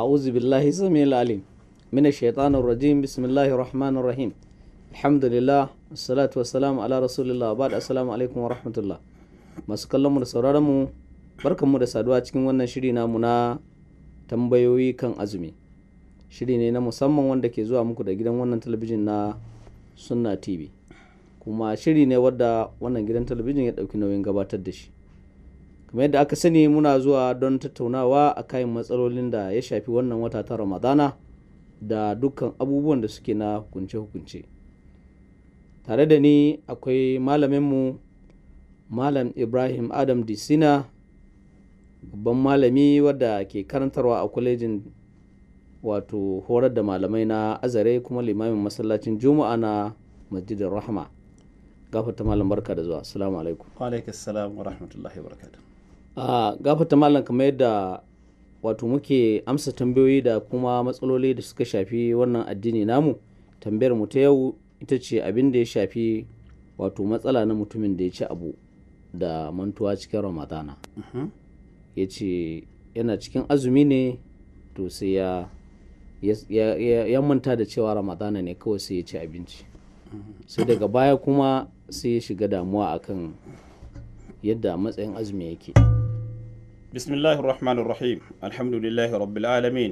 أعوذ بالله السميع العليم من الشيطان الرجيم بسم الله الرحمن الرحيم الحمد لله والصلاة والسلام على رسول الله بعد السلام masu kallon mu da sauraron mu da saduwa cikin wannan shiri namu na tambayoyi kan azumi shiri na musamman wanda ke zuwa muku da gidan wannan talabijin na sunna kuma shiri ne wadda wannan gidan talabijin ya ɗauki nauyin gabatar da shi kamar yadda aka sani muna zuwa don tattaunawa a kayan matsalolin da ya shafi wannan wata ta ramadana da dukkan abubuwan da suke na hukunce-hukunce tare da ni akwai malaminmu malam ibrahim adam disina babban malami wadda ke karantarwa a kwalejin wato horar da malamai na azare kuma limamin masallacin juma'a na masjidin rahama gafata malam barka da zuwa assalamu alaikum wa alaikum wa rahmatullahi wa barakatuh a gafata malam kamar yadda wato muke amsa tambayoyi da kuma matsaloli da suka shafi wannan addini namu tambayar mu ta yau ita ce abin da ya shafi wato matsala na mutumin da ya ci abu da mantuwa cikin ramadana mhm. ya ce yana cikin azumi ne to sai ya ya manta da cewa ramadana ne kawai sai ya ci abinci mhm. sai daga baya kuma sai ya shiga damuwa akan yadda matsayin azumi yake. بسم الله الرحمن الرحيم الحمد لله رب العالمين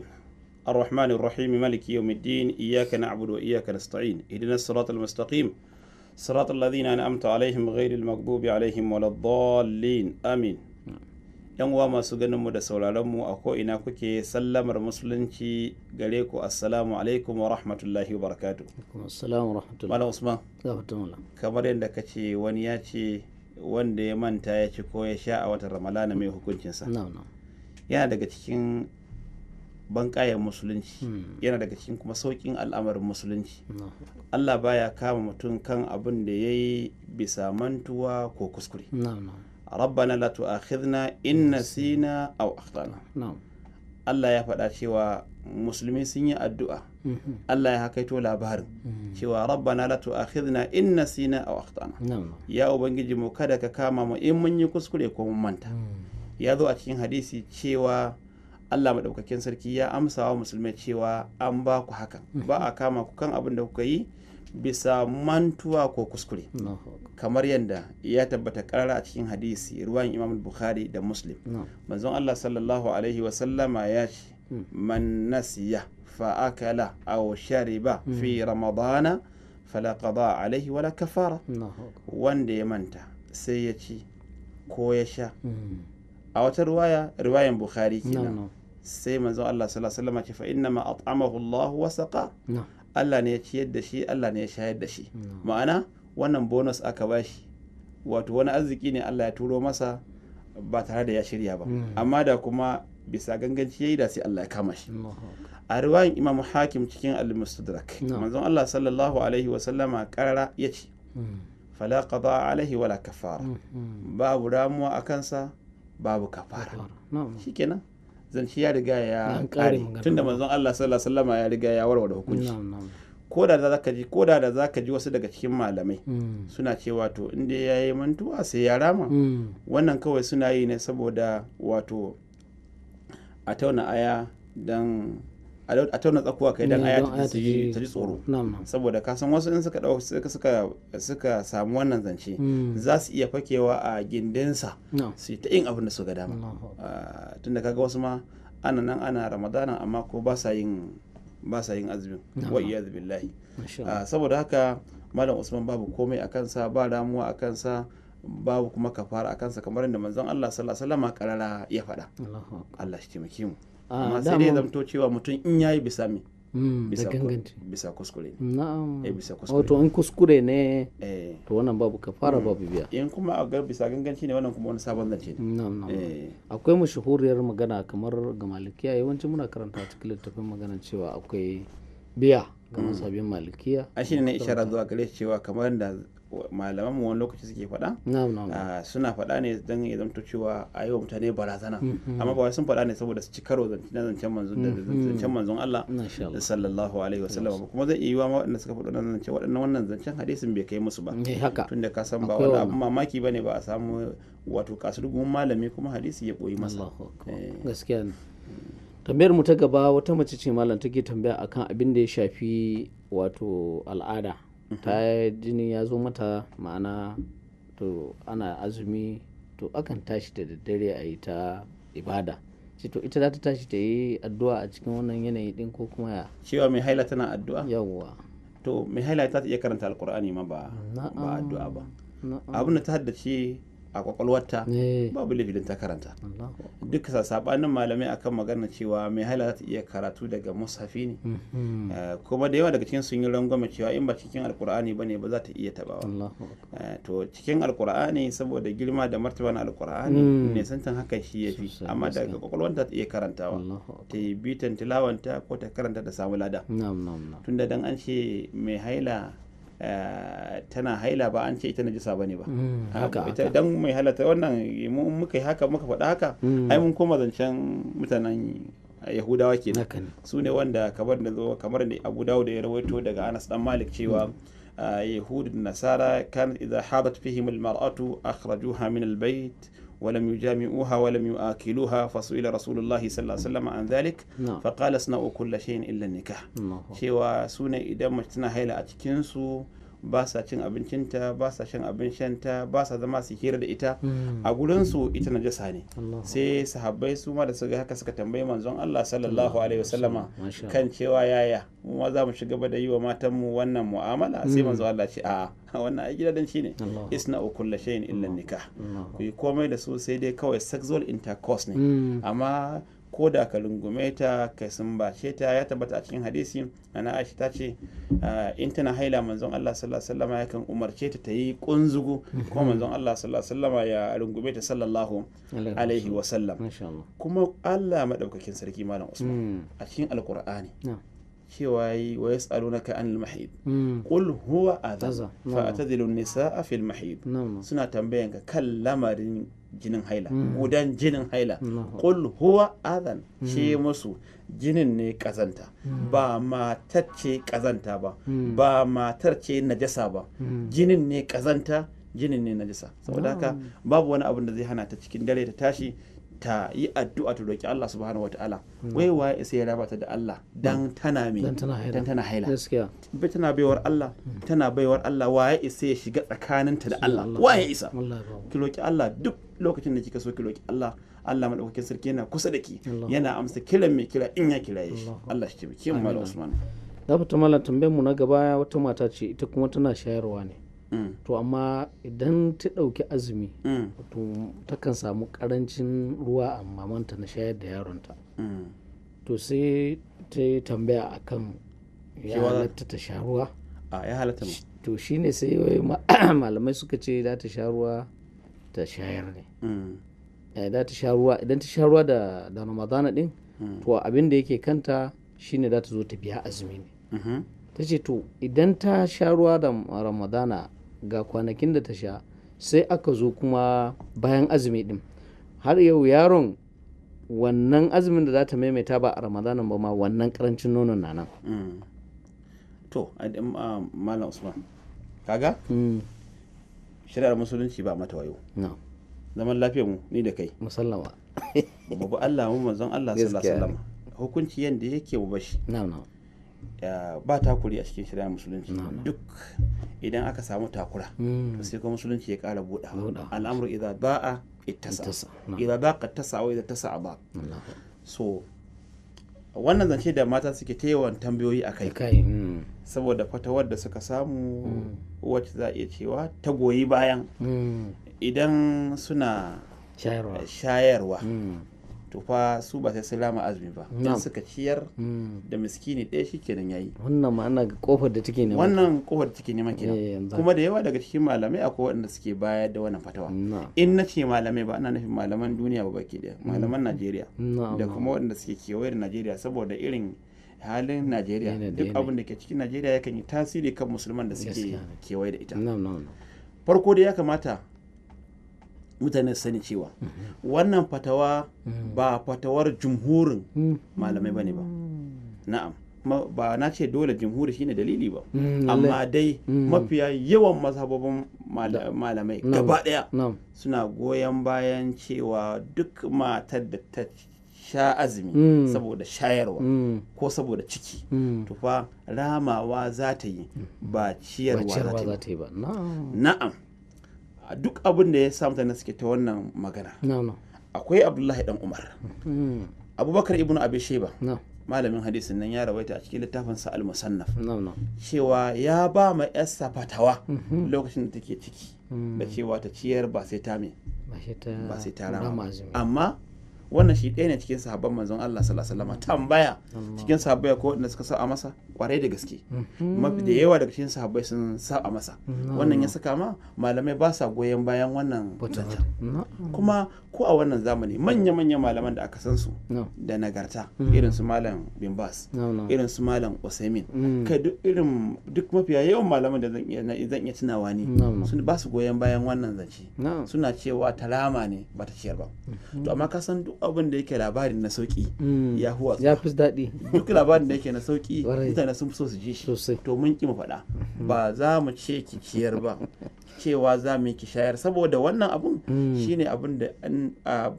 الرحمن الرحيم ملك يوم الدين إياك نعبد وإياك نستعين اهدنا الصراط المستقيم صراط الذين أنعمت عليهم غير المغضوب عليهم ولا الضالين آمين yan uwa masu ganinmu da sauraronmu a ko'ina kuke sallamar musulunci gare ku assalamu wa rahmatullahi wa Kamar yadda ka wani ya wanda ya manta ya ci ko ya sha a watan ramalana mai hukuncinsa yana daga cikin bankayen musulunci hmm. yana daga cikin kuma saukin al'amarin musulunci allah baya kama mutum kan abin da ya yi bisa mantuwa ko kuskure rabbana la tu'akhidna in nasina aw akhtana Allah ya faɗa cewa musulmi sun yi addu'a mhm. Allah ya hakaito labarin mhm. cewa rabbana la tu'akhidna in nasina aw akhtana ya ubangiji mu kada ka kama mu in mun yi kuskure ko mun manta mhm. ya zo a cikin hadisi cewa Allah maɗaukakin sarki ya amsa wa musulmai cewa an ba ku haka. ba a kama ku kan abin da kuka yi bisa mantuwa ko kuskure kamar yadda ya tabbata karara a cikin hadisi ruwan imam bukhari da muslim manzon Allah sallallahu alaihi wasallama ya ce man nasiya fa akala aw shariba fi ramadana falakaba alaihi wala kafara wanda ya manta sai ya ci ko ya sha a wata riwaya riwayan bukhari kenan sai manzon Allah sallallahu alaihi wasallam ce fa inna ma at'amahu Allah wa saqa Allah ne ya ciyar da shi Allah ne ya shayar da shi ma'ana wannan bonus aka bashi wato wani arziki ne Allah ya turo masa ba tare da ya shirya ba amma da kuma bisa ganganci yi da sai Allah ya kama shi a riwayan Imam Hakim cikin Al-Mustadrak manzon Allah sallallahu alaihi wa sallama karara yace hmm. fala qada alaihi wala kafara hmm, hmm. babu ramuwa a kansa babu kafara shikenan zance ya riga ya kare tunda manzon Allah sallallahu alaihi wa sallama ya riga ya warware hukunci ko da zaka ji ko da zaka ji wasu daga cikin malamai suna cewa to inda yayi mantuwa sai ya rama wannan kawai suna yi ne saboda wato a tauna aya don a tauna tsakuwa kai mm, don aya ta ji tsoro saboda kasan wasu in suka suka samu wannan zance mm. za su iya fakewa a gindinsa su ta yin abin da su ah, ga dama tunda kaga wasu ma ana nan ana ramadana amma ko ba sa yin ba sa yin azumin wa ah, saboda haka malam usman babu komai a kansa ba damuwa a kansa babu kuma kafara a kansa kamar yadda manzon Allah sallallahu alaihi wasallam karara ya faɗa Allah shi taimake mu ah, amma sai dai zamto cewa mutum in yayi bisa mi mm, bisa kuskure na'am eh bisa kuskure wato in kuskure ne eh. to wannan babu kafara mm. babu biya in kuma a ga bisa ganganci ne wannan kuma wani sabon zance ne na'am Eh. akwai mashuhuriyar magana kamar ga malikiya yawanci muna karanta cikin littafin magana cewa akwai biya ga mm. masabin malikiya a shi ne ishara zuwa gare cewa kamar da malaman mu wani lokaci suke faɗa ah, suna faɗa ne don ya zamto cewa a yi wa mutane barazana mm, mm. amma ba wai sun faɗa ne saboda su ci karo na zancen manzon da mm, zancen manzon Allah sallallahu alaihi wasallam kuma zai iya ma waɗanda suka faɗa wannan zancen waɗannan wannan zancen hadisin bai kai musu ba eh, tunda ka san ba wani abin mamaki bane ba a samu wato kasurgun malami kuma hadisi ya koyi masa eh. gaskiya ne tambayar mu ta gaba wata mace ce malam take tambaya akan abin da ya shafi wato al'ada Mm-hmm. ta jini ya zo mata ma'ana to ana azumi to akan tashi da daddare a yi ta ibada ce to ita za ta tashi ta yi addu'a a cikin wannan yanayi din ko kuma ya cewa mai haila tana addu'a yawwa to mai haila ta iya karanta alkur'ani ma ba addu'a ba abin da ta haddace a kwakwalwarta eh. babu lafidin ta karanta duk sabanin malamai akan magana cewa mai haila za ta iya karatu daga musafi ne mhm. eh, kuma da yawa daga cikin sun yi rangwame cewa in ba cikin alkur'ani ba ne ba za ta iya tabawa eh, to cikin alkur'ani saboda girma da martaba na alkur'ani mm. ne santan haka shi ya fi amma daga kwakwalwarta ta iya karantawa ta yi bitan tilawanta ko ta karanta da samu lada tunda dan an ce mai haila Eh, tana haila ba an ce ita na bane ba mm, ah, haka. dan mai halatta wannan mu muka yi haka muka faɗa haka mm. ai mun koma zancen mutanen yahudawa ke su ne wanda kamar da zo kamar da abu dawud ya rawaito daga anas dan malik cewa mm. ah, yahud nasara kan idza habat fihim almar'atu akhrajuha min bayt ولم يجامعوها ولم يؤكلوها فسئل رسول الله صلى الله عليه وسلم عن ذلك فقال اصنعوا كل شيء الا النكاح cewa su ne idan mace tana haila a cikinsu ba sa cin abincinta ba sa shan abin shanta ba sa zama su hira da ita hmm. a gurinsu ita najasa ne sai sahabbai su ma da suka haka suka tambayi manzon Allah sallallahu alaihi wasallama kan cewa yaya mu ma za mu shiga ba da yi wa matan mu wannan mu'amala sai hmm. manzon Allah ce a'a wannan ai gidadan shi ne isna u shay'in illa nikah ku yi komai da su sai dai kawai sexual intercourse ne hmm. amma ko da ka lungume ta ka sumbace ta ya tabbata a cikin hadisi ana aisha ta ce ah, in tana haila manzon Allah sallallahu alaihi wasallam yakan umarce ta ta yi kunzugu kuma manzon Allah sallallahu alaihi ya lungume ta sallallahu alaihi wasallam kuma Allah madaukakin sarki malam Usman hmm. a cikin alqur'ani cewa yi wa yas'alunaka anil mahid hmm. qul huwa adha fa atadilu nisaa fil mahid suna tambayanka kan lamarin jinin haila hmm. gudan jinin haila kul huwa adan ce hmm. musu jinin ne kazanta hmm. ba matar ce kazanta ba ba matar ce najasa ba jinin ne kazanta jinin ne najasa saboda haka babu wani abin da zai hana ta cikin dare ta tashi ta yi addu'a ta roki Allah subhanahu wataala hmm. wai waye sai ya raba ta da Allah hmm. dan tana me dan tana haila tana baiwar Allah hmm. tana baiwar Allah waye sai ya shiga tsakanin ta da Allah waye isa ki roki Allah duk lokacin da kika so ki roki Allah Allah madaukakin sarki yana kusa da ki yana amsa kiran mai kira in ya kiraye shi Allah shi ke mu Usman da fita mallam tambayar mu na gaba wata mata ce ita kuma tana shayarwa ne to amma idan ta ɗauki azumi to takan samu ƙarancin ruwa a mamanta na shayar da yaronta to sai ta yi tambaya akan ya halatta ta sha ruwa a ya halatta to shine sai malamai suka ce za ta sha ruwa ta shayar ne eh, Za ta sha ruwa idan ta sha ruwa da ramadana din to abin da yake kanta shine za ta zo ta biya azumi ne mm-hmm. ta ce to idan ta sha ruwa da ramadana ga kwanakin da ta sha sai aka zo kuma bayan azumi din har yau yaron wannan azumin da za ta maimaita ba a ramadanin ba ma wannan karancin nonon na nan mm. to a um, ah, malam usman kaga mm. shari'ar musulunci ba mata wayo zaman lafiyar mu ni da kai musallama babu Allah mu manzon Allah sallallahu alaihi wasallam hukunci yanda yake mu bashi na'am ba takuri a cikin shirya musulunci duk idan aka samu takura to hmm. sai kuma musulunci ya kara buɗa al'amru idza ba'a ittasa idza baqa tasa wa idza tasa ba so wannan zance da mata suke ta yawan tambayoyi a kai hmm. saboda fatawar da suka samu hmm. wacce za iya cewa ta goyi bayan idan suna shayarwa Tufa su ba sai salama azumi ba don suka ciyar hmm. da miskini ɗaya shi kenan yi. wannan ma'ana ga kofar da take neman wannan kofar da take neman kenan eh, kuma da yawa daga cikin malamai akwai waɗanda suke bayar da wannan fatawa in na ce malamai ba ana nufin malaman duniya ba baki ɗaya malaman hmm. Najeriya da kuma waɗanda suke kewaye da Najeriya saboda irin halin Najeriya duk abin da ke cikin Najeriya yakan yi tasiri kan musulman da suke kewaye da ita farko dai ya kamata mutane sani cewa mhm. wannan fatawa mhm. ba fatawar jumhurin mhm. malamai bane ba na'am ba na ce dole jumhuri shine dalili ba amma dai mafiya yawan mazhababin malamai gaba daya suna goyon bayan cewa duk matar da ta sha azumi saboda shayarwa ko saboda ciki tufa ramawa za ta yi ba ciyarwa za ta yi ba na'am A duk abin da ya sa na suke ta wannan magana akwai abdullahi dan umar hmm. abubakar ibn abi sheba malamin hadisin nan ya rawaita a cikin littafin sa al-musannaf cewa ya ba ma yarsa fatawa mhm. lokacin da take ciki hmm. da cewa ta ciyar ba sai ta me ba sai ta rama amma wannan shi ɗaya ne cikin sahabban manzon Allah sallallahu alaihi wasallam tambaya cikin sahabbai ko wanda suka sa a masa kwarai da gaske mhm. mafi da yawa daga cikin sahabbai sun saba masa wannan ya saka ma malamai ba sa goyon bayan wannan zancen kuma ko a wannan zamani manya manya malaman da aka san su da nagarta hmm. irin su malam bin bas irin su malam Osemin. Hmm. kai duk irin duk mafiya yawan malaman da zan iya tunawa ne sun ba su goyon bayan wannan zance suna cewa talama ne ba ta ciyar ba hmm. to amma ka san duk abin da yake labarin na sauki ya huwa ya fi daɗi duk labarin da yake na sauki mutane mutane sun fi so su ji shi to mun ki mu faɗa ba za mu ce ki ciyar ba cewa za mu yi ki shayar saboda wannan abun hmm. shine abun da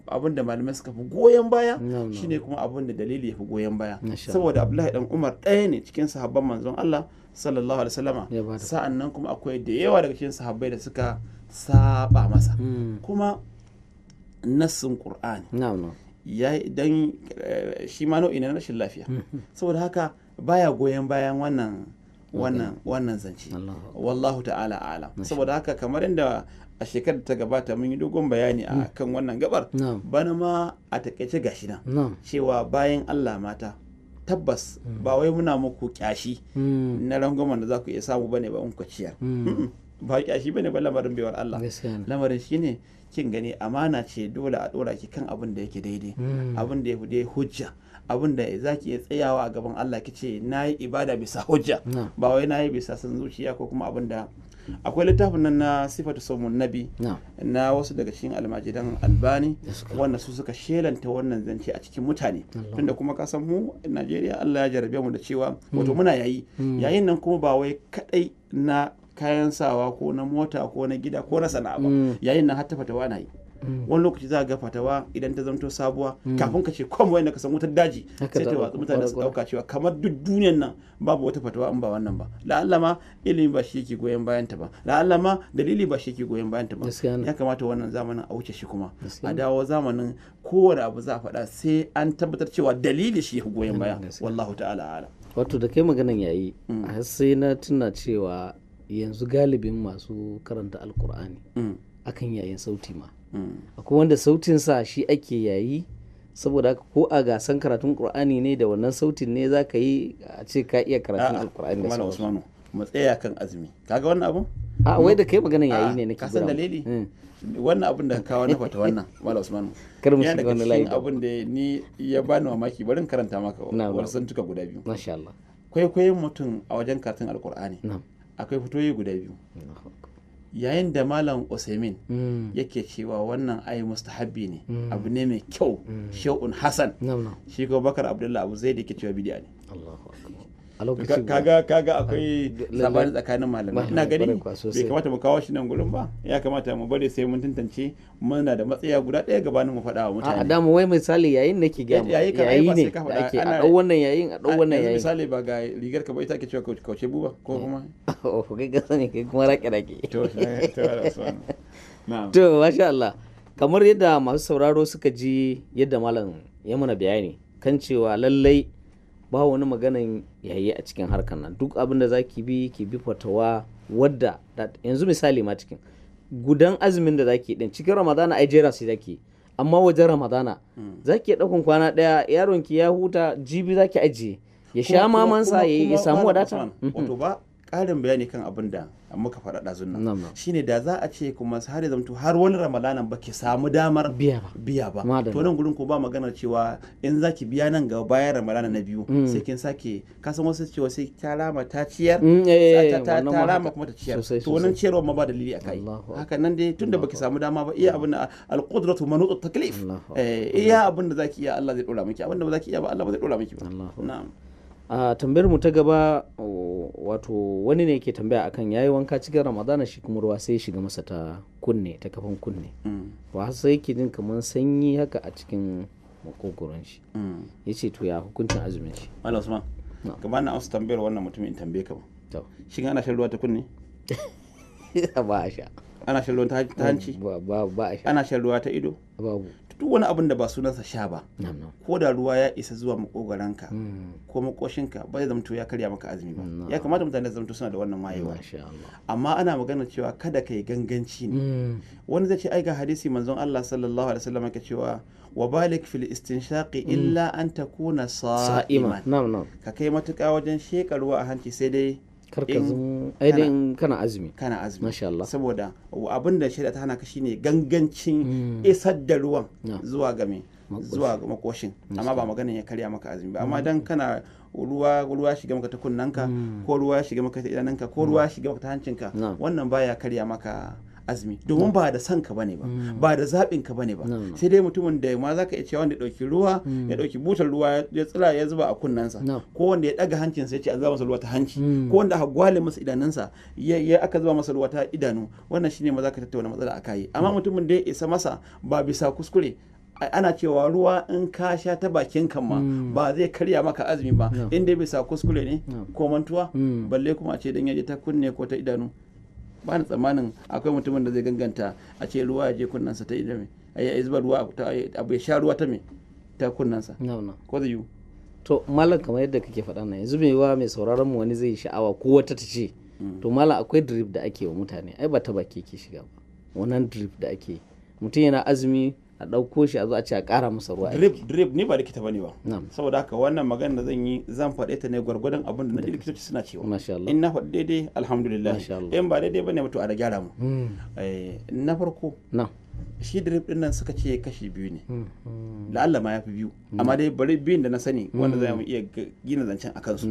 abun da malamai suka fi goyon baya shine kuma abun da dalili ya fi goyon baya saboda Abdullahi dan Umar ɗaya ne cikin sahabban manzon Allah sallallahu alaihi wasallama sa'an nan kuma akwai da yawa daga cikin sahabbai da suka saba masa hmm. kuma nassin Qur'ani don eh, shi ma nau'i na rashin lafiya hmm, hmm. saboda haka baya goyon bayan wannan wannan wannan zance wallahu ta'ala ala saboda haka kamar inda a shekarar da ta gabata mun yi dogon bayani a hmm. kan wannan gabar bana ma a takaice gashi nan cewa bayan Allah mata tabbas ba wai muna muku kyashi na rangwamen da za ku iya samu bane ba in ku ciyar a shi bane ba lamarin baiwar Allah lamarin shi ne kin gani amana ce dole a dora ki kan abin da yake daidai hmm. abin da ya hujja abin da za ki iya tsayawa a gaban Allah ki ce na yi ibada bisa hujja ba wai na yi bisa san zuciya ko kuma abin da akwai littafin nan na sifatu saumun nabi na wasu daga cikin almajiran albani wanda su suka shelanta wannan zance a cikin mutane tunda kuma ka san mu Najeriya Allah ya jarabe mu da cewa hmm. wato muna yayi hmm. yayin nan kuma ba wai kadai na kayan sawa ko na mota ko na gida ko na sana'a ba mm. yayin nan har fatawa na yi mm. wani lokaci za ga fatawa idan ta zanto sabuwa mm. kafin ka ce kwan wayan ka san wutar daji sai ta watsa mutane su dauka cewa kamar duk duniyan nan babu wata fatawa in ba wannan ba la'alla ma ilimi ba shi yake goyon bayan ta ba la'alla ma dalili ba shi yake goyon bayan ta ba ya kamata wannan zamanin a wuce shi kuma a dawo zamanin kowane abu za a faɗa sai an tabbatar cewa dalili shi ya goyon baya wallahu ta'ala ala wato da kai maganan yayi sai na tuna cewa yanzu galibin masu karanta alkur'ani mm. akan yayin sauti ma mm. akwai wanda sautinsa shi ake yayi saboda ko a gasan karatun qur'ani ne da wannan sautin ne za ka yi a ce ka iya karatun alkur'ani da sauransu mu tsaya kan azumi kaga wannan abun a wai da kai maganan yayi ne na ka san dalili mm. wannan abun da kawo na fata wannan malam usman kar mu shiga wannan layi abun da ni ya bani mamaki barin karanta maka wasu santuka guda biyu masha Allah kwaikwayon mutum a wajen karatun alkur'ani na'am akwai fitoyi guda biyu yayin da malam usaimin mm. yake cewa wannan ayi mustahabbi ne mm. abu ne mai kyau mm. sha'un hassan shi kuma bakar abdullahi abu zai da ke cewa bidiya ne kaga kaga akwai ah, labarin tsakanin malamai ina gani bai kamata mu kawo shi nan gurin ba ya kamata mu bari sai mun tantance muna da matsaya guda ɗaya gabanin mu faɗa wa mutane a dama wai misali yayin nake ga yayi ne ake a dau wannan yayin a dau wannan yayin misali ba ga rigar ka ba ita ke cewa kauce buba ko kuma oh kai ga sani kai kuma rake rake to to to masha Allah kamar yadda masu sauraro suka ji yadda malam ya mana bayani kan cewa lallai ba wani maganan yayi a cikin harkar nan duk abin da za ki bi ki bi fatawa wadda yanzu misali ma cikin gudan azumin da zaki din cikin ramadana ai jera sai zaki amma wajen ramadana hmm. zaki ɗaukan kwana daya yaron ki ya huta jibi zaki ajiye ya sha mamansa ya samu wadata mhm. wato ba karin bayani kan abin muka faɗa ɗazun nan shine da za a ce kuma har zamto har wani ramadanan ba ki samu damar biya ba to nan gurin ko ba maganar cewa in za ki biya nan gaba bayan ramadana na biyu mm. sai kin sake kasan wasu cewa sai ta rama ta ciyar mm, eh, eh, ta eh, rama kuma ta ciyar to nan ciyarwa ma ba dalili akai haka nan dai tunda baki samu dama ba iya abin al manutu taklif iya abin da zaki iya Allah zai dora miki abin da ba zaki iya ba Allah ba zai dora miki ba na'am a tambayar mu ta gaba wato wani ne ke tambaya akan yayi wanka cikin ramadana shi kuma ruwa sai shiga masa ta kunne ta kafan kunne mm. wa sai yake jin kamar sanyi haka a cikin makogoron shi mm. ya ce to ya hukuncin azumin shi mala usman gaba na amsa tambayar wannan mutumin in tambaye ka ba shin ana shan ruwa ta kunne ba a sha ana shan ruwa ta hanci ba a sha ana shan ruwa ta ido babu duk wani abin da ba sunansa sha ba ko da ruwa ya isa zuwa makogaranka hmm. ko makoshinka ba zai zamto ya karya maka azumi ba ya kamata mutane su zamto suna da wannan wayewa amma ana magana cewa kada ka yi ganganci ne hmm. wani zai ce ai ga hadisi manzon Allah sallallahu alaihi wasallam yake cewa wa balik fil istinshaqi hmm. illa an takuna sa'iman ka kai matuƙa wajen sheka ruwa a hanci sai dai karkazin ainihin kana azumi kana azumi masha Allah saboda abin da shari'a ta hana ka shine gangancin mm. isar da ruwan zuwa ga me zuwa ga makoshin amma ba maganin ya karya maka azumi ba amma mm. dan kana ruwa ruwa shiga maka ta kunnanka mm. ko ruwa shiga maka ta idananka ko ruwa shiga maka ta hancinka wannan baya karya maka azumi domin ba da san ka bane ba mm. ba da zaɓin ka bane ba sai dai mutumin da ma zaka iya cewa wanda ɗauki ruwa mm. ya ɗauki butar ruwa ya tsira ya zuba a kunnensa ko wanda ya ɗaga hancinsa ya ce a zuba masa ruwa ta hanci mm. ko wanda aka gwale masa idanunsa ya aka zuba masa ruwa ta idanu wannan shine ma zaka tattauna matsala a yi amma mutumin da ya isa masa ba bisa kuskure ana cewa ruwa in ka sha ta bakin kan ma ba zai karya maka azumi ba inda bisa kuskure ne ko mantuwa balle kuma a ce dan yaje ta kunne ko ta idanu ba ni tsammanin akwai mutumin da zai ganganta a ce ruwa ya je kunnansa ta a yi zuba ruwa abu ya sha ruwa ta me ta kunnansa ko zai yi to malam kamar yadda kake faɗa na yanzu mai wa mai sauraron mu wani zai sha'awa ko wata ta ce mm. to malam akwai drip da ake wa mutane ai ba ta baki ke shiga ba wannan drip da ake mutum yana azumi a ɗauko shi a zo a ce a ƙara masa ruwa drip drip ni ba likita bane ba saboda haka wannan magana da zan yi zan faɗe ta ne gwargwadon abin da na ji likitoci suna cewa in na faɗi daidai alhamdulillah in ba daidai bane mutu a da gyara mu hmm. eh, na farko Na. shi drip din nan suka ce kashi biyu ne hmm, hmm. la'alla ma ya fi biyu amma dai bari biyun da na sani wanda za mu iya gina zancen a kansu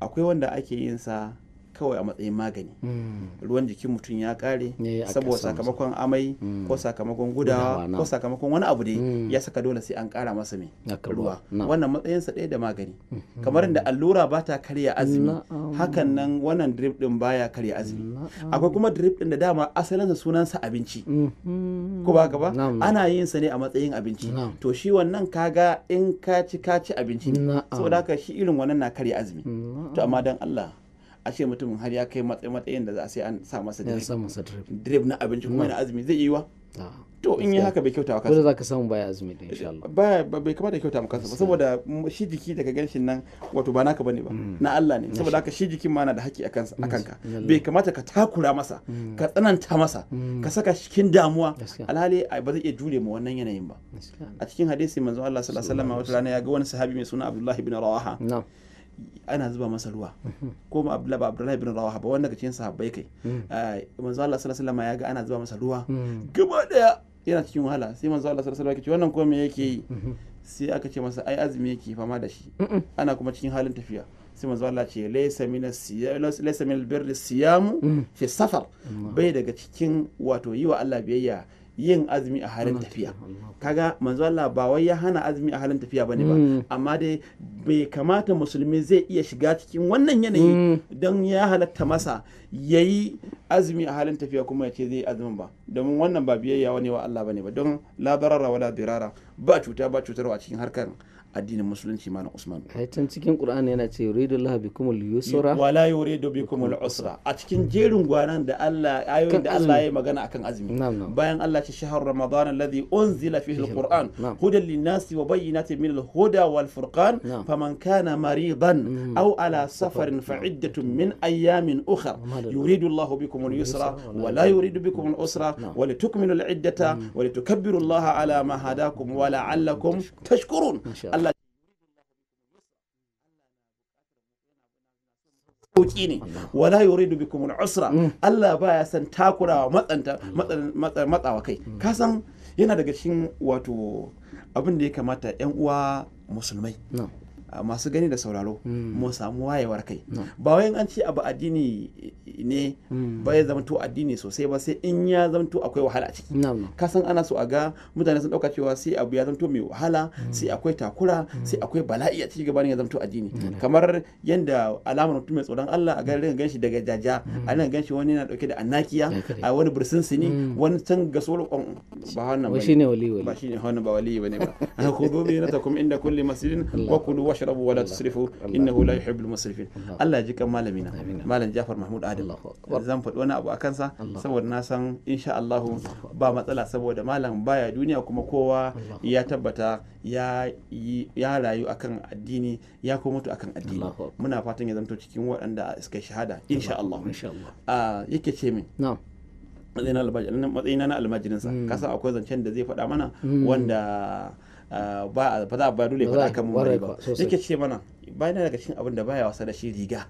akwai wanda ake yin sa kawai a matsayin magani hmm. ruwan jikin mutum ya kare eh, saboda sakamakon amai hmm. ko sakamakon gudawa ko sakamakon wani abu dai hmm. ya saka dole sai an kara masa mai ruwa wannan matsayinsa ɗaya da magani kamar da allura ba ta karya azumi hakan nan wannan drip din baya karya azumi akwai kuma drip din da dama asalin sunansa abinci ko ba ka ana yin sa ne a matsayin abinci to shi wannan kaga in ka ci ka ci abinci saboda haka shi irin wannan na karya azumi to amma dan Allah a ce mutum har ya kai matsayin matsayin da za a sai an sa masa drip na abinci kuma na azumi zai yi wa to in yi haka bai kyauta wa kansa za ka samu baya azumi da insha Allah baya bai kamata kyauta wa kansa ba saboda shi jiki daga ganshin nan wato ba naka bane ba mm. na Allah ne saboda haka shi jikin ma na da haƙƙi a kansa a kanka bai kamata ka takura masa mm. ka tsananta masa mm. ka saka cikin damuwa alhali ba zai iya jure ma wannan yanayin ba a cikin hadisi manzo Allah sallallahu alaihi wasallam wata rana ya ga wani sahabi mai suna Abdullahi bin Rawaha Na'am. ana zuba masa ruwa ko ma abdullahi ba abdullahi bin rawaha ba wanda cikin sahabbai kai eh, manzo Allah sallallahu alaihi wasallam ya ga ana zuba masa ruwa gaba daya yana cikin wahala sai manzo Allah sallallahu alaihi wasallam ya ce wannan ko me yake yi sai aka ce masa ai azumi yake fama da shi ana kuma cikin halin tafiya sai manzo Allah ce laysa min laysa min as siyamu fi safar bai daga cikin wato yi wa Allah biyayya yin azumi a halin tafiya kaga manzo Allah ba wai ya hana azumi a halin tafiya bane ba hmm. amma dai bai kamata musulmi zai iya shiga cikin wannan yanayi hmm. don ya halatta masa yayi azumi a halin tafiya kuma ya ce zai azumin ba domin wannan ba biyayya wani wa Allah bane ba don la wala dirara ba cuta ba cutarwa a cikin harkar addinin musulunci malam usman ai cikin qur'ani yana ce yuridu allah yusra wa la yuridu usra a cikin jerin gwanan da Allah ayoyin da Allah ya magana akan azumi bayan Allah ce shahar ramadan alladhi unzila fihi alquran hudan linnasi wa bayyinatin min huda wal furqan faman kana maridan mm. aw ala safarin fa iddatun min ayamin ukhra yuridu allah bikumul yusra wa la yuridu bikumul usra wa litukmilu aliddata mm. wa litukabbiru allah ala ma hadakum wa la'allakum tashkurun sauki ne wala wuri dubi kuma usra mm. Allah ba ya san takurawa matsanta matsawa kai mm. ka san yana daga cikin wato abin da ya kamata 'yan uwa musulmai masu gani da sauraro mm. mu samu wayewar kai ba wai an ce abu addini ne mm. ba ya zamto addini sosai ba sai in ya zamto akwai wahala a ciki ka san ana so a ga mutane sun dauka cewa sai abu ya zamto mai wahala mm. sai akwai takura sai akwai bala'i a ciki gabanin ya zamto addini kamar yanda alamar mutum mai tsoron Allah a garin ringa ganshi daga jaja a ringa ganshi wani yana dauke da annakiya a wani su ne wani can ga solo ba wannan ba shine wali wali ba shine wannan ba wali bane ba ko ne ta kuma inda kulli masjidin wa kullu wa tashrabu wala tusrifu innahu la al musrifin Allah ji kan malami malam Jafar Mahmud Adam zan faɗi wani abu akan sa saboda na san insha Allah ba matsala saboda malam baya duniya kuma kowa ya tabbata ya ya rayu akan addini ya kuma mutu akan addini muna fatan ya zanto cikin waɗanda suka shahada insha Allah ah, yake ce min matsayina na almajirinsa hmm. kasan akwai zancen da zai faɗa mana hmm. wanda Ah, ba za a ba dole faɗa kan mu ba yake ce mana bayan daga cikin abin da baya wasa da shi riga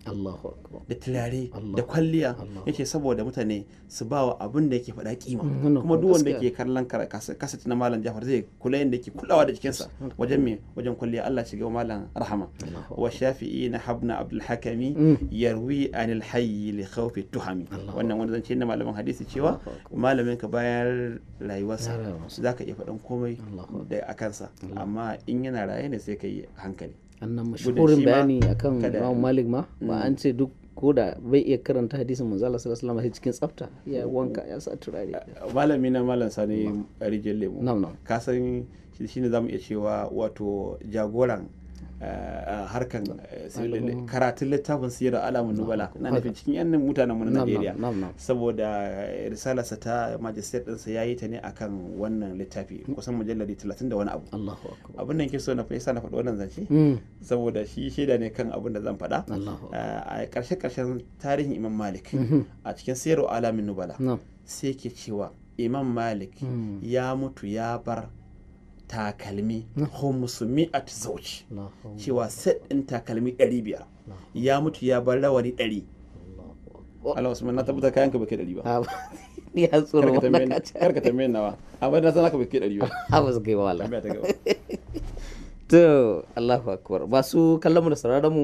da turare da kwalliya yake saboda mutane su ba wa abin da yake faɗa kima mm, kuma duk wanda ke kallon kasa na malam Jafar zai kula yadda yake kulawa da jikinsa wajen me wajen kwalliya Allah shiga wa malam rahama wa shafi'i na habna abdul hakami mm. yarwi anil hayyi li khawfi tuhami wannan wanda zance na malamin hadisi cewa malamin ka bayan rayuwarsa zaka iya faɗan komai da akansa amma in yana raye ne sai ka yi hankali annan mashahurin bayani akan Imam Malik ma ba mm. an ce duk ko da bai iya karanta hadisin manzo Allah sallallahu alaihi wasallam cikin tsafta ya mm. wanka ya sa turare malami na malam sani mm. rijin lemu ka san shine zamu iya cewa wato jagoran harkan eh, karatun littafin siyar alamun nubala na nufin cikin yan mutanen mu na Najeriya saboda eh, risalarsa ta majistar ɗinsa ya yi ta ne akan wannan littafi kusan mujallari talatin da wani abu abin da ke so na fesa na faɗi wannan zance hmm. saboda shi shaida ne kan abin da zan faɗa eh, a ƙarshe ƙarshen tarihin imam malik mhm. a cikin siyar alamin nubala sai ke cewa imam malik hmm. ya mutu ya bar takalmi homusu at zauci cewa set ɗin takalmi 500 ya mutu ya bar rawani 100 Allah wasu na tabbata kayan ka kai 100 ba ni ya tsoro nawa amma na san ka bake 100 ba a ba su kai wala to Allahu akbar su kallon mu da sauraron mu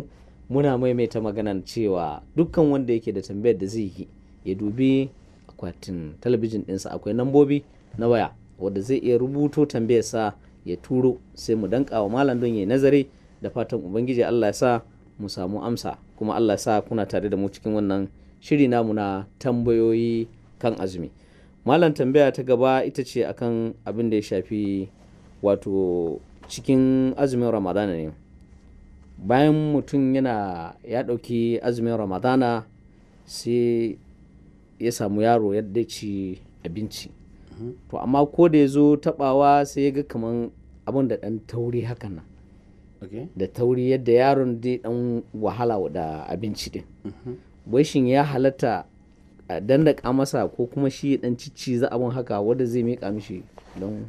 muna maimaita maganan cewa dukkan wanda yake da tambayar da zai yi ya dubi akwatin talabijin ɗinsa akwai nambobi na waya wanda zai iya rubuto tambayar sa ya turo sai mu danka wa malam don yayi nazari da fatan ubangiji Allah ya sa mu samu amsa kuma Allah ya sa kuna tare da mu cikin wannan shiri namu na tambayoyi kan azumi malam tambaya ta gaba ita ce akan abin da ya shafi wato cikin azumin ramadana ne bayan mutum yana ya ɗauki azumin ramadana sai ya samu yaro yadda ci abinci to amma ko da ya zo tabawa sai ya ga kaman abin da dan tauri hakan nan da tauri yadda yaron dai dan wahala da abinci din mhm. wai shin ya halatta a dandaka masa ko kuma shi ya dan za abin haka wanda zai mika mishi don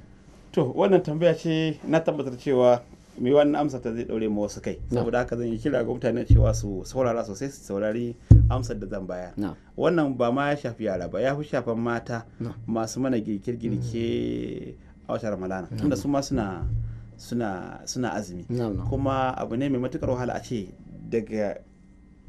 to wannan tambaya ce na tabbatar cewa mai wannan amsa ta zai daure ma wasu kai saboda haka zan yi kira ga mutane cewa su saurara sosai su saurari amsar da zan bayar wannan ba ma ya shafi yara ba ya fi shafan mata masu mana girke-girke a wata ramalana tunda su ma suna suna azumi kuma abu ne mai matukar wahala a ce daga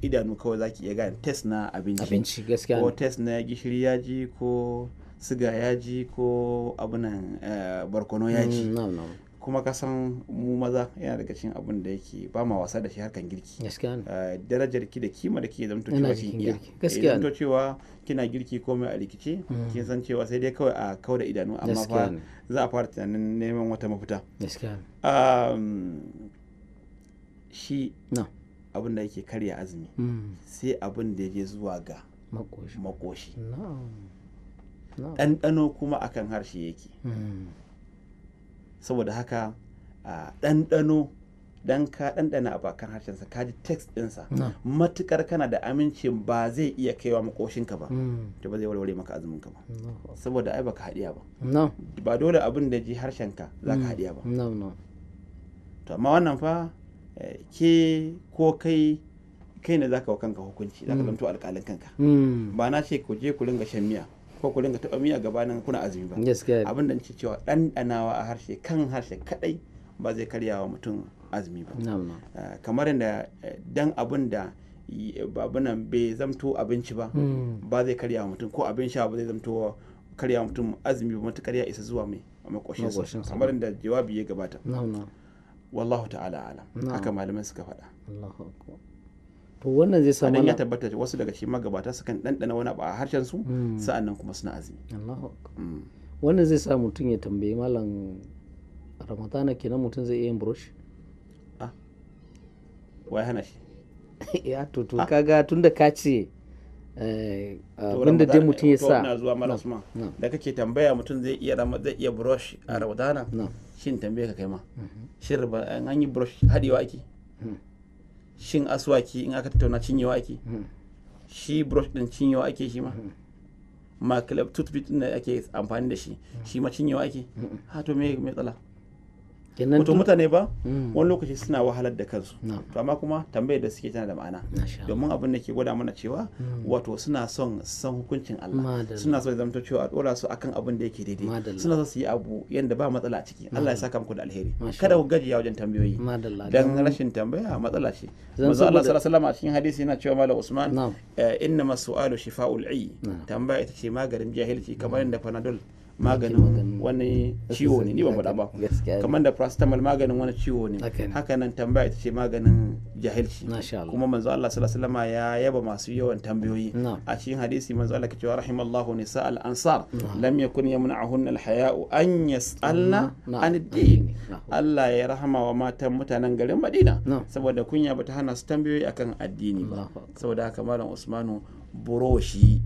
idanu kawai zaki iya gane test na abinci ko test na gishiri yaji ko siga yaji ko abunan eh, barkono ji. Mm, kuma ka san mu maza yana daga cikin abin da yake ba ma wasa da shi harkan girki ah, darajar ki da kima da ke zamto cewa kin iya gaskiya eh, zamto cewa kina girki komai a rikice mm. kin san cewa sai dai kawai a kawo da idanu amma fa za a fara tunanin neman wata mafita gaskiya shi abin da yake karya azumi mm. sai abin da yake zuwa ga makoshi ɗanɗano kuma akan harshe yake mm. saboda haka ɗanɗano dan ka ɗanɗana a bakan harshensa ka ji text ɗinsa matukar kana da amincin ba zai iya kaiwa makoshinka ba hmm. to ba zai warware maka azumin ka ba saboda ai baka haɗiya ba ba dole abin da ji harshenka za ka hmm. haɗiya ba to amma wannan fa eh, ke ko kai kai ne za ka wa kanka hukunci za ka hmm. zanto alƙalin kanka ba na ce ku je ku ringa shan miya ko ku dinga taɓa miya gabanin kuna azumi ba abin da nake cewa ɗanɗanawa a harshe kan harshe kaɗai ba zai karya wa mutum azumi ba ah, kamar eh, da dan abin da nan bai zamto abinci ba hmm. ba zai karya wa mutum ko abin sha ba zai zamto karya wa mutum azumi ba matukar ya isa zuwa mai makoshin kamar da jawabi ya gabata wallahu ta'ala alam haka malamai suka faɗa to wannan zai sa ya tabbata wasu daga cikin magabata sukan ɗanɗana wani abu a harshen su hmm. sa'annan kuma suna azumi hmm. wannan zai sa mutum ya tambayi malam ramadana kenan mutum zai iya yin brush ah wai hana shi ya to to ah. kaga tunda ka ce eh, abinda dai mutum ya sa na zuwa malam usman da kake tambaya mutum zai iya zai iya brush a hmm. ramadana shin tambaye ka kai ma shin an yi brush hadewa ake shin aswaki in aka tattauna cinyewa ake hmm. shi brush din cinyewa ake shi ma hmm. ma club toothpick din da ake amfani da shi hmm. shi ma cinyewa ake ha to me me tsala wato mutane ba mm. wani lokaci suna wahalar da kansu to amma kuma tambayar da suke tana da ma'ana domin abin da ke gwada mana cewa mm. wato suna son san hukuncin Allah suna son zama cewa a dora su akan abin da yake daidai suna son su yi abu yanda ba matsala a ciki Allah ya saka muku da alheri kada ku gajiya wajen tambayoyi dan rashin tambaya matsala ce manzo Allah sallallahu alaihi wasallam a cikin hadisi yana cewa malam Usman eh, inna masu'alu shifa'ul ayyi tambaya ita ce maganin jahilci kamar yadda panadol maganin wani ciwo ne ni ban faɗa ba kamar da paracetamol maganin wani ciwo ne haka nan tambaya ita ce maganin jahilci kuma manzo Allah sallallahu alaihi ya yaba masu yawan tambayoyi a cikin hadisi manzo Allah kace cewa rahimallahu nisa al ansar lam yakun yamna'uhunna al haya'u an yas'alna an din Allah ya rahama wa matan mutanen garin Madina saboda kunya bata hana su tambayoyi akan addini ba saboda haka malam Usmanu buroshi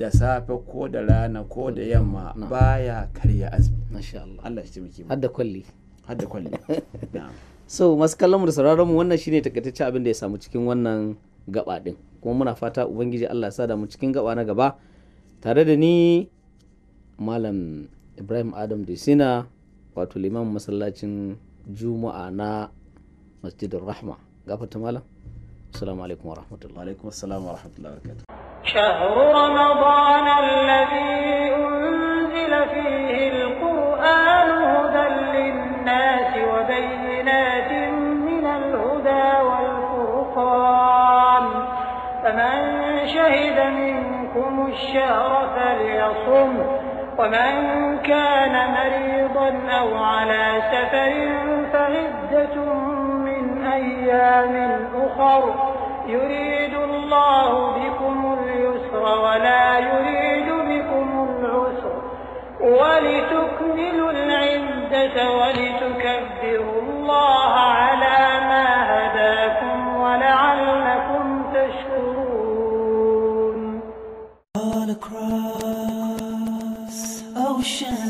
da safe ko da rana ko da yamma baya karya azumi masha Allah Allah shi taimake mu hadda kwalli hadda kwalli so masu kallon mu da sauraron mu wannan shine takaitaccen abin da ya samu cikin wannan gaba din kuma muna fata ubangiji Allah ya da mu cikin gaba na gaba tare da ni malam Ibrahim Adam Dusina wato liman masallacin Juma'a na Masjidul Rahma gafata malam assalamu alaikum wa rahmatullahi wa alaikum assalam wa rahmatullahi wa barakatuh شهر رمضان الذي أنزل فيه القرآن هدى للناس وبينات من الهدى والفرقان فمن شهد منكم الشهر فليصم ومن كان مريضا أو على سفر فعدة من أيام أخر يريد الله بكم العسر ولا يريد بكم العسر ولتكملوا العدة ولتكبروا الله على ما هداكم ولعلكم تشكرون All across ocean